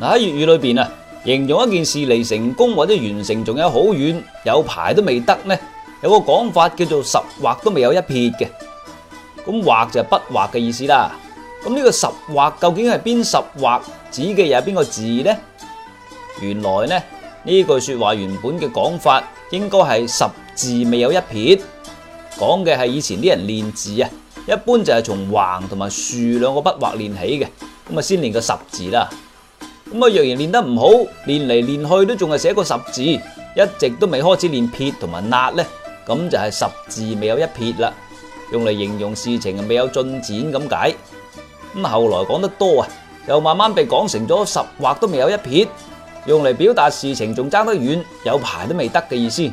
嗱喺粵語裏邊啊，形容一件事離成功或者完成仲有好遠，有排都未得呢。有個講法叫做十畫都未有一撇嘅，咁畫就係筆畫嘅意思啦。咁呢個十畫究竟係邊十畫，指嘅又係邊個字呢？原來呢呢句說話原本嘅講法應該係十字未有一撇，講嘅係以前啲人練字啊，一般就係從橫同埋豎兩個筆畫練起嘅，咁啊先練個十字啦。咁啊，若然練得唔好，練嚟練去都仲係寫個十字，一直都未開始練撇同埋捺呢。咁就係十字未有一撇啦，用嚟形容事情未有進展咁解。咁後來講得多啊，又慢慢被講成咗十畫都未有一撇，用嚟表達事情仲差得遠，有排都未得嘅意思。